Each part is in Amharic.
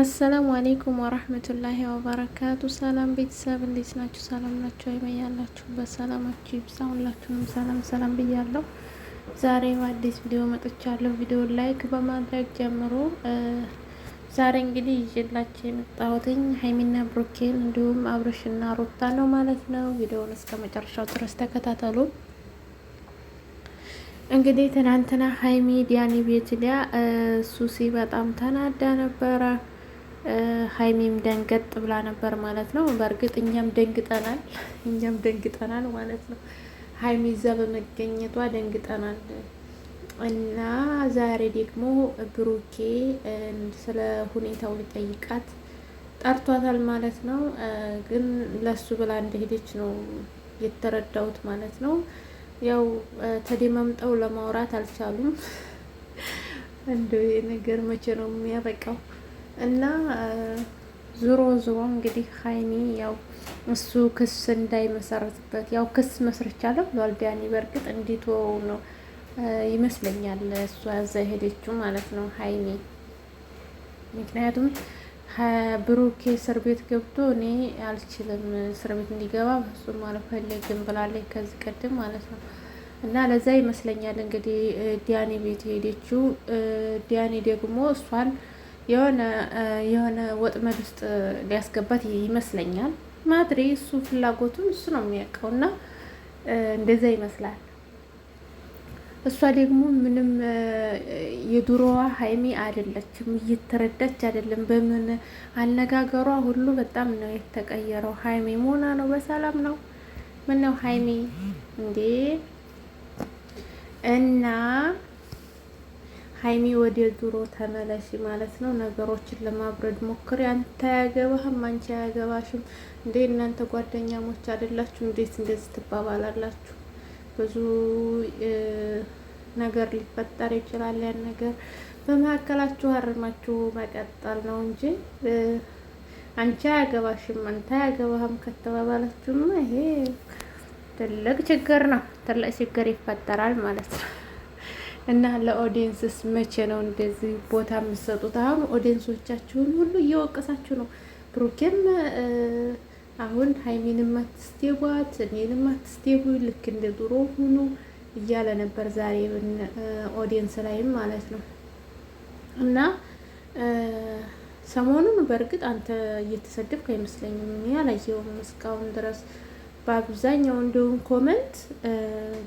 አሰላሙ አሌይኩም ወራህመቱላሂ ወበረካቱ። ሰላም ቤተሰብ እንዴት ናችሁ? ሰላም ናችሁ? አይመ ያላችሁበት ሰላማችሁ ይብዛ። ሁላችሁንም ሰላም ሰላም ብያለሁ። ዛሬ በአዲስ ቪዲዮ መጥቻለሁ። ቪዲዮ ላይክ በማድረግ ጀምሮ ዛሬ እንግዲህ ይዤላችሁ የመጣሁትኝ ሀይሚና ብሩኬን እንዲሁም አብርሽና ሩታ ነው ማለት ነው። ቪዲዮውን እስከ መጨረሻው ድረስ ተከታተሉ። እንግዲህ ትናንትና ሀይሚ ዲያኒ ቤት ሊያ ሱሲ በጣም ተናዳ ነበረ። ሀይሚም ደንገጥ ብላ ነበር ማለት ነው። በእርግጥ እኛም ደንግጠናል፣ እኛም ደንግጠናል ማለት ነው። ሀይሚ እዛ በመገኘቷ ደንግጠናል እና ዛሬ ደግሞ ብሩኬ ስለ ሁኔታው ሊጠይቃት ጠርቷታል ማለት ነው። ግን ለሱ ብላ እንደሄደች ነው የተረዳሁት ማለት ነው። ያው ተደማምጠው ለማውራት አልቻሉም። እንደው ይሄ ነገር መቼ ነው የሚያበቃው? እና ዞሮ ዞሮ እንግዲህ ሀይሚ ያው እሱ ክስ እንዳይመሰረትበት ያው ክስ መስርቻለሁ ብሏል። ቢያኒ በእርግጥ እንዲተወው ነው ይመስለኛል እሱ እዛ ሄደችው ማለት ነው ሀይሚ። ምክንያቱም ብሩኬ እስር ቤት ገብቶ እኔ አልችልም እስር ቤት እንዲገባ ፍጹም አልፈልግም ብላለች ከዚህ ቀደም ማለት ነው። እና ለዛ ይመስለኛል እንግዲህ ዲያኔ ቤት ሄደችው። ዲያኔ ደግሞ እሷን የሆነ የሆነ ወጥመድ ውስጥ ሊያስገባት ይመስለኛል። ማድሬ እሱ ፍላጎቱን እሱ ነው የሚያውቀው እና እንደዛ ይመስላል። እሷ ደግሞ ምንም የድሮዋ ሀይሚ አይደለችም፣ እየተረዳች አይደለም። በምን አነጋገሯ ሁሉ በጣም ነው የተቀየረው። ሀይሚ መሆና ነው በሰላም ነው። ምን ነው ሀይሚ እንዴ እና ሀይሚ ወደ ድሮ ተመለሺ ማለት ነው። ነገሮችን ለማብረድ ሞክሪ። አንተ አያገባህም፣ አንቺ አያገባሽም እንዴ እናንተ ጓደኛሞች አይደላችሁ? እንዴት እንደዚህ ትባባላላችሁ? ብዙ ነገር ሊፈጠር ይችላል። ያን ነገር በመካከላችሁ አርማችሁ መቀጠል ነው እንጂ አንቺ አያገባሽም፣ አንተ አያገባህም ከተባባላችሁማ ይሄ ትልቅ ችግር ነው። ትልቅ ችግር ይፈጠራል ማለት ነው። እና ለኦዲየንስስ መቼ ነው እንደዚህ ቦታ የምትሰጡት? አሁን ኦዲየንሶቻችሁን ሁሉ እየወቀሳችሁ ነው። ብሩኬም አሁን ሀይሚንም አትስቴቧት፣ እኔንም አትስቴቡ፣ ልክ እንደ ድሮ ሁኑ እያለ ነበር ዛሬ ኦዲየንስ ላይም ማለት ነው እና ሰሞኑን በእርግጥ አንተ እየተሰደብክ አይመስለኝም፣ እኔ አላየሁም እስካሁን ድረስ በአብዛኛው እንደውም ኮመንት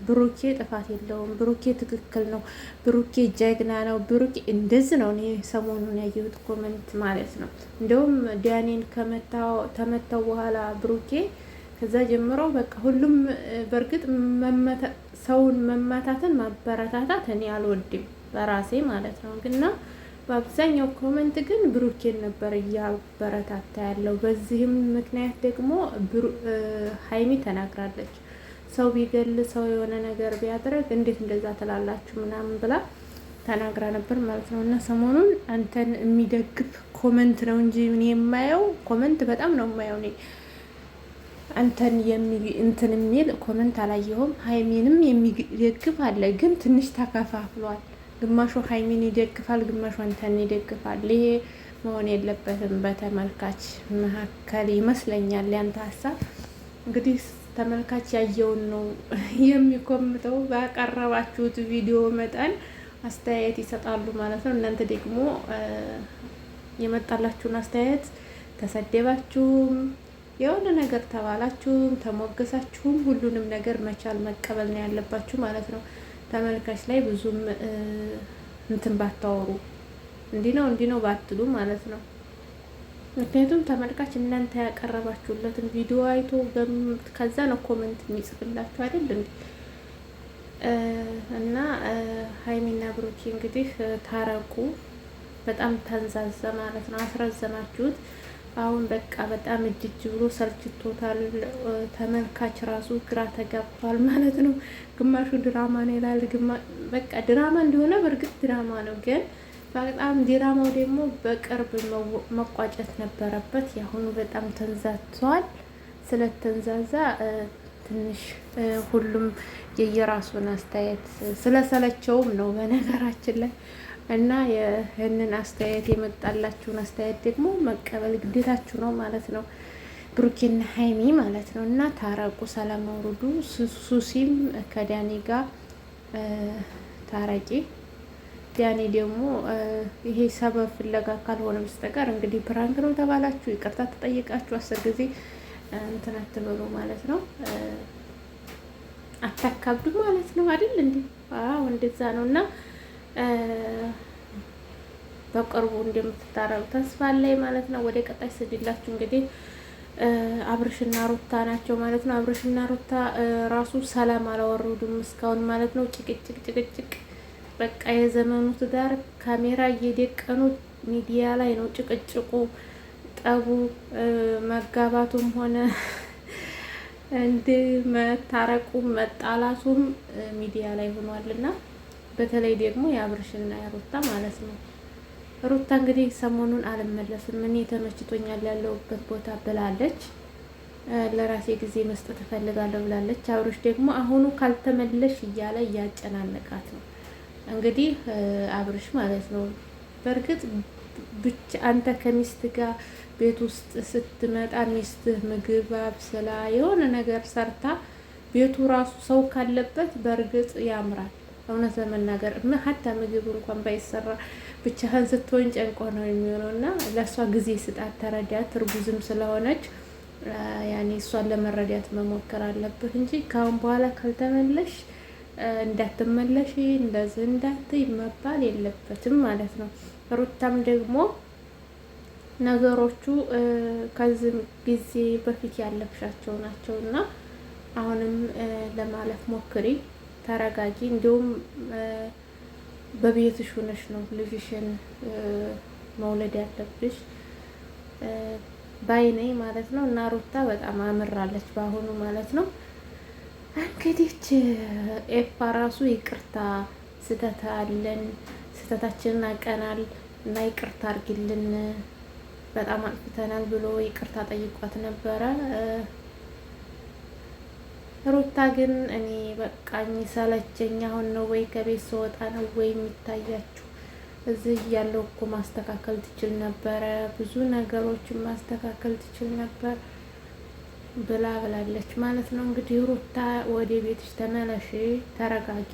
ብሩኬ ጥፋት የለውም፣ ብሩኬ ትክክል ነው፣ ብሩኬ ጀግና ነው፣ ብሩኬ እንደዚህ ነው። እኔ ሰሞኑን ያየሁት ኮመንት ማለት ነው። እንደውም ዳኔን ከመታው በኋላ ብሩኬ ከዛ ጀምሮ በቃ ሁሉም በእርግጥ ሰውን መማታትን ማበረታታት እኔ አልወድም በራሴ ማለት ነው ግና በአብዛኛው ኮመንት ግን ብሩኬን ነበር እያበረታታ ያለው። በዚህም ምክንያት ደግሞ ሀይሚ ተናግራለች። ሰው ቢገል ሰው የሆነ ነገር ቢያደርግ እንዴት እንደዛ ትላላችሁ ምናምን ብላ ተናግራ ነበር ማለት ነው። እና ሰሞኑን አንተን የሚደግፍ ኮመንት ነው እንጂ እኔ የማየው ኮመንት በጣም ነው የማየው እኔ አንተን እንትን የሚል ኮመንት አላየሁም። ሀይሜንም የሚደግፍ አለ፣ ግን ትንሽ ተከፋፍሏል። ግማሹ ሀይሚን ይደግፋል፣ ግማሹ አንተን ይደግፋል። ይሄ መሆን የለበትም። በተመልካች መካከል ይመስለኛል ያንተ ሀሳብ እንግዲህ ተመልካች ያየውን ነው የሚኮምተው። ባቀረባችሁት ቪዲዮ መጠን አስተያየት ይሰጣሉ ማለት ነው። እናንተ ደግሞ የመጣላችሁን አስተያየት ተሰደባችሁም፣ የሆነ ነገር ተባላችሁም፣ ተሞገሳችሁም ሁሉንም ነገር መቻል መቀበል ነው ያለባችሁ ማለት ነው። ተመልካች ላይ ብዙም እንትን ባታወሩ እንዲህ ነው እንዲህ ነው ባትሉ ማለት ነው። ምክንያቱም ተመልካች እናንተ ያቀረባችሁለትን ቪዲዮ አይቶ ከዛ ነው ኮመንት የሚጽፍላችሁ አይደል እንዴ? እና ሀይሚና ብሩኬ እንግዲህ ታረቁ። በጣም ተንዛዛ ማለት ነው። አስረዘማችሁት። አሁን በቃ በጣም እጅጅ ብሎ ሰልችቶታል። ተመልካች ራሱ ግራ ተጋብቷል ማለት ነው። ግማሹ ድራማ ነው ይላል፣ በቃ ድራማ እንደሆነ በእርግጥ ድራማ ነው፣ ግን በጣም ድራማው ደግሞ በቅርብ መቋጨት ነበረበት። የአሁኑ በጣም ተንዛቷል። ስለተንዛዛ ትንሽ ሁሉም የየራሱን አስተያየት ስለሰለቸውም ነው በነገራችን ላይ እና ይህንን አስተያየት የመጣላችሁን አስተያየት ደግሞ መቀበል ግዴታችሁ ነው ማለት ነው። ብሩኬና ሀይሚ ማለት ነው። እና ታረቁ፣ ሰላም አውርዱ። ሱሲም ከዳኒ ጋር ታረቂ። ዳኒ ደግሞ ይሄ ሰበብ ፍለጋ ካልሆነ በስተቀር እንግዲህ ፕራንክ ነው ተባላችሁ፣ ይቅርታ ተጠይቃችሁ አስር ጊዜ እንትን አትበሉ ማለት ነው። አታካብዱ ማለት ነው አይደል? እንዲ እንደዛ ነው እና በቅርቡ እንደምትታረቁ ተስፋ ላይ ማለት ነው። ወደ ቀጣይ ስድላችሁ እንግዲህ አብርሽና ሩታ ናቸው ማለት ነው። አብርሽና ሩታ ራሱ ሰላም አላወረዱም እስካሁን ማለት ነው። ጭቅጭቅ ጭቅጭቅ በቃ የዘመኑ ትዳር ካሜራ እየደቀኑ ሚዲያ ላይ ነው ጭቅጭቁ፣ ጠቡ፣ መጋባቱም ሆነ እንደ መታረቁም መጣላቱም ሚዲያ ላይ ሆኗልና በተለይ ደግሞ የአብርሽና የሩታ ማለት ነው። ሩታ እንግዲህ ሰሞኑን አልመለስም እኔ ተመችቶኛል ያለሁበት ቦታ ብላለች። ለራሴ ጊዜ መስጠት እፈልጋለሁ ብላለች። አብርሽ ደግሞ አሁኑ ካልተመለሽ እያለ እያጨናነቃት ነው እንግዲህ አብርሽ ማለት ነው። በእርግጥ ብቻ አንተ ከሚስት ጋር ቤት ውስጥ ስትመጣ ሚስትህ ምግብ አብስላ የሆነ ነገር ሰርታ ቤቱ ራሱ ሰው ካለበት በእርግጥ ያምራል። እውነት ለመናገር እና ሀታ ምግብ እንኳን ባይሰራ ብቻህን ስትሆን ጨንቆ ነው የሚሆነው። እና ለእሷ ጊዜ ስጣት፣ ተረዳት። እርጉዝም ስለሆነች ያኔ እሷን ለመረዳት መሞከር አለብህ እንጂ ከአሁን በኋላ ካልተመለሽ እንዳትመለሽ እንደዚህ እንዳትይ መባል የለበትም ማለት ነው። ሩታም ደግሞ ነገሮቹ ከዚህ ጊዜ በፊት ያለፍሻቸው ናቸው እና አሁንም ለማለፍ ሞክሪ። ተረጋጊ፣ እንዲሁም በቤትሽ ሆነሽ ነው ልጅሽን መውለድ ያለብሽ ባይነኝ ማለት ነው። እና ሩታ በጣም አምራለች በአሁኑ ማለት ነው። እንግዲህ ኤፋ ራሱ ይቅርታ ስህተት አለን ስህተታችንን አቀናል እና ይቅርታ አርግልን በጣም አጥፍተናል ብሎ ይቅርታ ጠይቋት ነበረ። ሩታ ግን እኔ በቃኝ ሰለቸኝ። አሁን ነው ወይ ከቤት ስወጣ ነው ወይ የሚታያችሁ? እዚህ እያለው እኮ ማስተካከል ትችል ነበረ፣ ብዙ ነገሮችን ማስተካከል ትችል ነበር ብላ ብላለች ማለት ነው። እንግዲህ ሩታ ወደ ቤትሽ ተመለሽ፣ ተረጋጊ።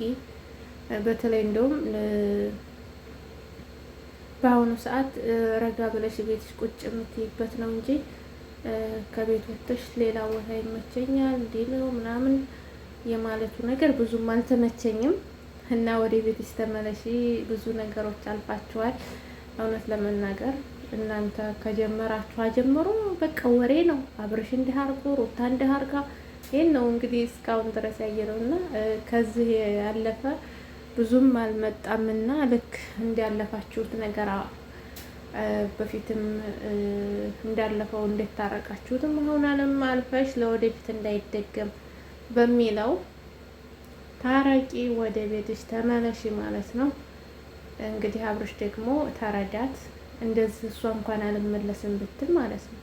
በተለይ እንደውም በአሁኑ ሰዓት ረጋ ብለሽ ቤትሽ ቁጭ የምትይበት ነው እንጂ ከቤት ወጥተሽ ሌላ ቦታ ይመቸኛል እንዲህ ነው ምናምን የማለቱ ነገር ብዙም አልተመቸኝም እና ወደ ቤት ስተመለሽ ብዙ ነገሮች አልፋችኋል። እውነት ለመናገር እናንተ ከጀመራችሁ አጀምሮ በቃ ወሬ ነው። አብርሽ እንዲህ አርጎ ሩታ እንዲህ አርጋ ይህን ነው እንግዲህ እስካሁን ድረስ ያየነውና እና ከዚህ ያለፈ ብዙም አልመጣም እና ልክ እንዲያለፋችሁት ነገር በፊትም እንዳለፈው እንደታረቃችሁትም አሁን አለም አልፈሽ ለወደፊት እንዳይደገም በሚለው ታረቂ፣ ወደ ቤትሽ ተመለሽ ማለት ነው። እንግዲህ አብርሽ ደግሞ ተረዳት እንደዚህ እሷ እንኳን አልመለስም ብትል ማለት ነው